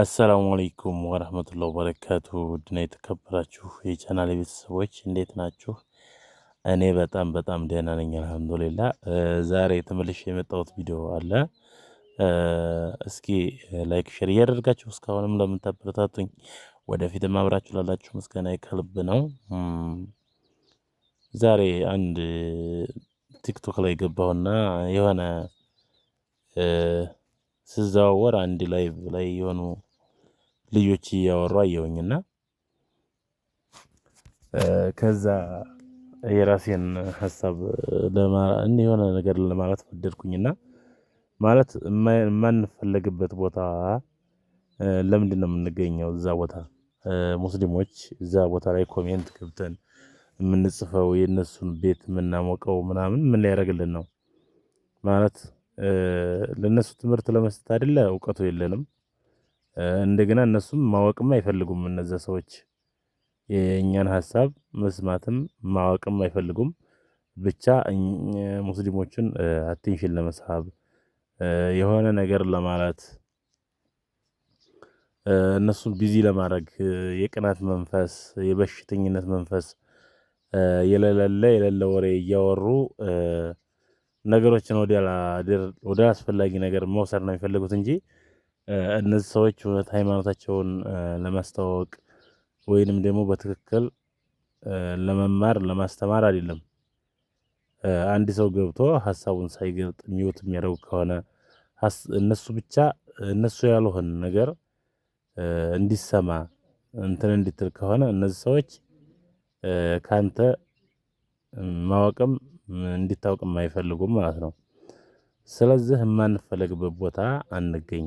አሰላሙ አለይኩም ወረህመቱላሂ ወበረካቱ ውድና የተከበራችሁ የቻናል ቤተሰቦች እንዴት ናችሁ? እኔ በጣም በጣም ደህና ነኝ፣ አልሐምዱሊላ። ዛሬ ተመልሼ የመጣሁት ቪዲዮ አለ። እስኪ ላይክ፣ ሼር እያደረጋችሁ እስካሁንም ለምታበረታቱኝ ወደፊትም አብራችሁ ላላችሁ ምስጋና ከልብ ነው። ዛሬ አንድ ቲክቶክ ላይ ገባሁና የሆነ ስዘዋወር አንድ ላይቭ ላይ የሆኑ ልጆች እያወሩ አየውኝና ከዛ የራሴን ሀሳብ እንዲህ የሆነ ነገር ለማለት ወደድኩኝና ማለት የማንፈለግበት ቦታ ለምንድን ነው የምንገኘው? እዛ ቦታ ሙስሊሞች እዛ ቦታ ላይ ኮሜንት ገብተን የምንጽፈው የእነሱን ቤት የምናሞቀው ምናምን ምን ሊያደርግልን ነው ማለት ለእነሱ ትምህርት ለመስጠት አይደለ እውቀቱ የለንም። እንደገና እነሱም ማወቅም አይፈልጉም። እነዚ ሰዎች የእኛን ሀሳብ መስማትም ማወቅም አይፈልጉም። ብቻ ሙስሊሞችን አቴንሽን ለመሳብ የሆነ ነገር ለማለት እነሱን ቢዚ ለማድረግ የቅናት መንፈስ፣ የበሽተኝነት መንፈስ የለለለ የሌለ ወሬ እያወሩ ነገሮችን ወደ አስፈላጊ ነገር መውሰድ ነው የሚፈልጉት እንጂ እነዚህ ሰዎች እውነት ሃይማኖታቸውን ለማስተዋወቅ ወይንም ደግሞ በትክክል ለመማር ለማስተማር አይደለም። አንድ ሰው ገብቶ ሀሳቡን ሳይገልጥ ሚውት የሚያደርጉ ከሆነ እነሱ ብቻ እነሱ ያልሆን ነገር እንዲሰማ እንትን እንድትል ከሆነ እነዚህ ሰዎች ካንተ ማወቅም እንዲታወቅ የማይፈልጉም ማለት ነው። ስለዚህ የማንፈለግበት ቦታ አንገኝ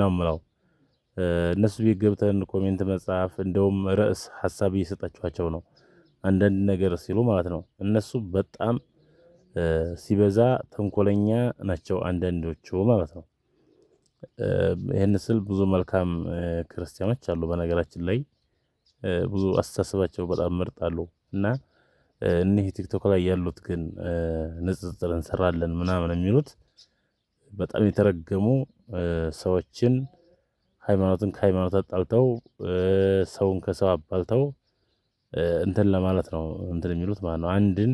ነው ምለው። እነሱ ቤት ገብተን ኮሜንት መጻፍ እንደውም ርዕስ ሀሳብ እየሰጣችኋቸው ነው አንዳንድ ነገር ሲሉ ማለት ነው። እነሱ በጣም ሲበዛ ተንኮለኛ ናቸው አንዳንዶቹ ማለት ነው። ይህን ስል ብዙ መልካም ክርስቲያኖች አሉ። በነገራችን ላይ ብዙ አስተሳሰባቸው በጣም ምርጥ አሉ እና እኒህ ቲክቶክ ላይ ያሉት ግን ንጽጽር እንሰራለን ምናምን የሚሉት በጣም የተረገሙ ሰዎችን ሃይማኖትን ከሃይማኖት አጣልተው ሰውን ከሰው አባልተው እንትን ለማለት ነው እንትን የሚሉት ማለት ነው። አንድን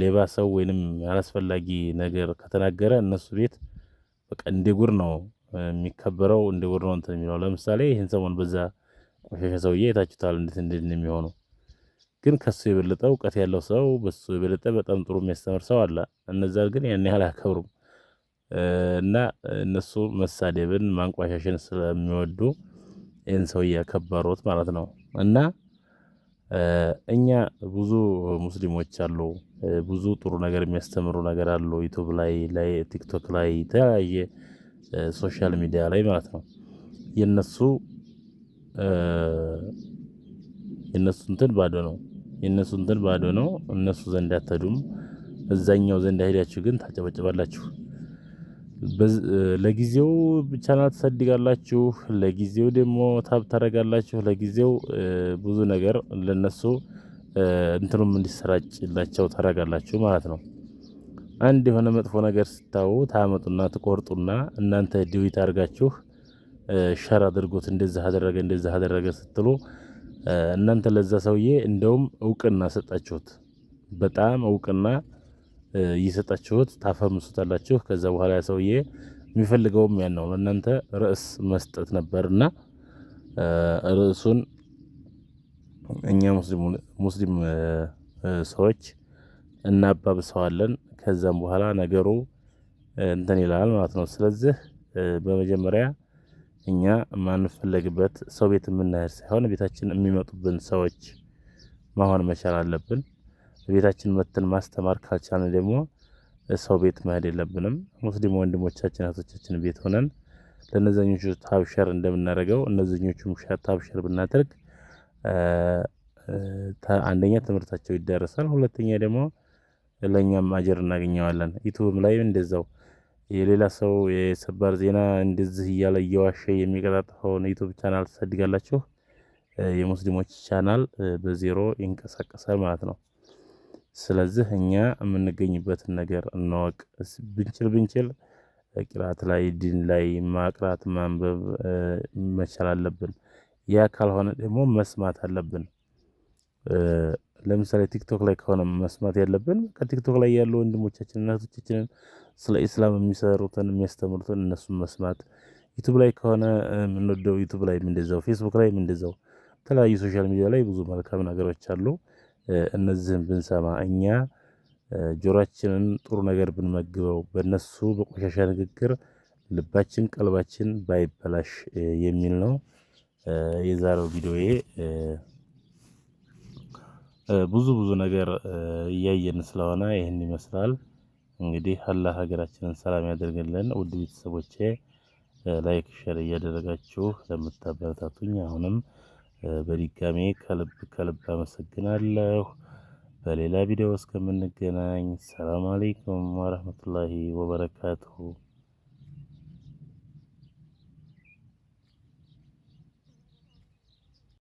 ሌባ ሰው ወይንም አላስፈላጊ ነገር ከተናገረ እነሱ ቤት በቃ እንደ ጉር ነው የሚከበረው፣ እንደ ጉር ነው እንትን የሚለው። ለምሳሌ ይህን ሰሞን በዛ ቆሻሻ ሰውዬ የታችሁታል፣ እንዴት የሚሆነው ግን ከሱ የበለጠ እውቀት ያለው ሰው በሱ የበለጠ በጣም ጥሩ የሚያስተምር ሰው አለ። እነዛ ግን ያን ያህል አያከብሩም እና እነሱ መሳደብን ማንቋሻሽን ስለሚወዱ ይህን ሰው እያከበሩት ማለት ነው። እና እኛ ብዙ ሙስሊሞች አሉ፣ ብዙ ጥሩ ነገር የሚያስተምሩ ነገር አሉ፣ ዩቱብ ላይ ላይ፣ ቲክቶክ ላይ፣ የተለያየ ሶሻል ሚዲያ ላይ ማለት ነው። የነሱ የነሱ እንትን ባዶ ነው። የእነሱ እንትን ባዶ ነው። እነሱ ዘንድ አትሄዱም። እዛኛው ዘንድ ሄዳችሁ ግን ታጨበጭባላችሁ። ለጊዜው ቻናል ትሰድጋላችሁ፣ ለጊዜው ደግሞ ታብ ታደርጋላችሁ። ለጊዜው ብዙ ነገር ለነሱ እንትኑም እንዲሰራጭላቸው ታደርጋላችሁ ማለት ነው። አንድ የሆነ መጥፎ ነገር ስታዩ ታመጡና ትቆርጡና እናንተ ዲዊት አድርጋችሁ ሸር አድርጎት እንደዚህ አደረገ እንደዚህ አደረገ ስትሉ እናንተ ለዛ ሰውዬ እንደውም እውቅና ሰጣችሁት፣ በጣም እውቅና እየሰጣችሁት ታፈምሱታላችሁ። ከዛ በኋላ ሰውዬ የሚፈልገውም ያን ነው፣ ለእናንተ ርዕስ መስጠት ነበርና ርዕሱን እኛ ሙስሊም ሰዎች እናባብሰዋለን። ከዛም በኋላ ነገሩ እንትን ይላል ማለት ነው። ስለዚህ በመጀመሪያ እኛ የማንፈለግበት ሰው ቤት የምናሄድ ሳይሆን ቤታችን የሚመጡብን ሰዎች መሆን መቻል አለብን። ቤታችን መትን ማስተማር ካልቻልን ደግሞ ሰው ቤት መሄድ የለብንም። ሙስሊም ወንድሞቻችን እህቶቻችን ቤት ሆነን ለእነዚኞቹ ታብሸር እንደምናደርገው እነዚኞቹም ታብሸር ብናደርግ አንደኛ ትምህርታቸው ይደረሳል። ሁለተኛ ደግሞ ለእኛም አጀር እናገኘዋለን። ዩቱብም ላይ እንደዛው የሌላ ሰው የሰበር ዜና እንደዚህ እያለ እየዋሸ የሚቀጣጥፈውን ዩቱብ ቻናል ትሰድጋላችሁ። የሙስሊሞች ቻናል በዜሮ ይንቀሳቀሳል ማለት ነው። ስለዚህ እኛ የምንገኝበትን ነገር እናወቅ። ብንችል ብንችል ቅራት ላይ ድን ላይ ማቅራት ማንበብ መቻል አለብን። ያ ካልሆነ ደግሞ መስማት አለብን። ለምሳሌ ቲክቶክ ላይ ከሆነ መስማት ያለብን ከቲክቶክ ላይ ያሉ ወንድሞቻችን እናቶቻችንን ስለ ኢስላም የሚሰሩትን የሚያስተምሩትን እነሱን መስማት፣ ዩቱብ ላይ ከሆነ የምንወደው ዩቱብ ላይ ምንደዛው፣ ፌስቡክ ላይ ምንደዛው፣ የተለያዩ ሶሻል ሚዲያ ላይ ብዙ መልካም ነገሮች አሉ። እነዚህን ብንሰማ እኛ ጆሮአችንን ጥሩ ነገር ብንመግበው በነሱ በቆሻሻ ንግግር ልባችን ቀልባችን ባይበላሽ የሚል ነው የዛሬው ቪዲዮዬ። ብዙ ብዙ ነገር እያየን ስለሆነ ይህን ይመስላል። እንግዲህ አላህ ሀገራችንን ሰላም ያደርግልን። ውድ ቤተሰቦቼ ላይክ፣ ሸር እያደረጋችሁ ለምታበረታቱኝ አሁንም በድጋሜ ከልብ ከልብ አመሰግናለሁ። በሌላ ቪዲዮ እስከምንገናኝ ሰላም አሌይኩም ወረህመቱላሂ ወበረካቱሁ።